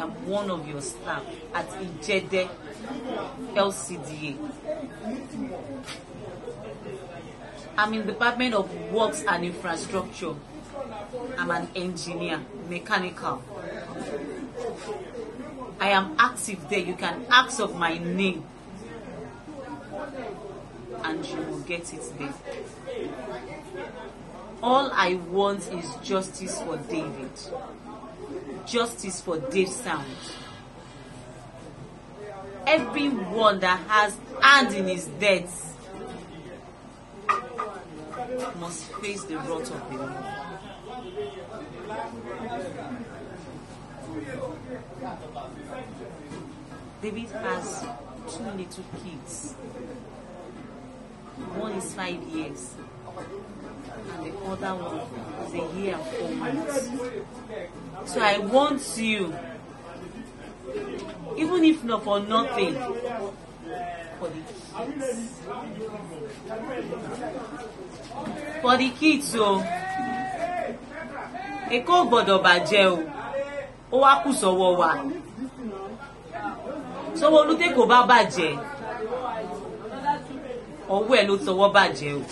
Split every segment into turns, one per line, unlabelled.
am one of your staff at Ijede LCDA. I'm in the Department of Works and Infrastructure. I'm an engineer, mechanical. I am active there. You can ask of my name and you will get it there. All I want is justice for David. Justice for Dave Sound. Everyone that has hand in his death must face the wrath of the Lord. David has two little kids. One is five years, the other one is a year and four months. So I want you, even if not for nothing, for the kids. For the kids o, oh. Èkó gbọ́dọ̀ bàjẹ́ o, oh. ó wá kù sọ́wọ́ wa. Sọ́wọ́ Olúté kò bá bàjẹ́, ọwọ́ ẹ̀ ló tọwọ́ bàjẹ́ o. Oh.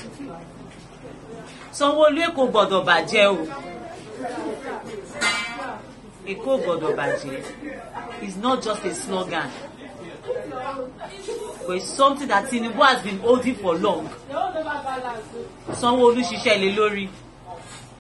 Sanwó-Olú Èkó gbọ́dọ̀ bàjẹ́ o Èkó gbọ́dọ̀ bàjẹ́ is not just a slogan but it's something that Tinubu has been holding for long sanwó ṣiṣẹ́ lé lórí.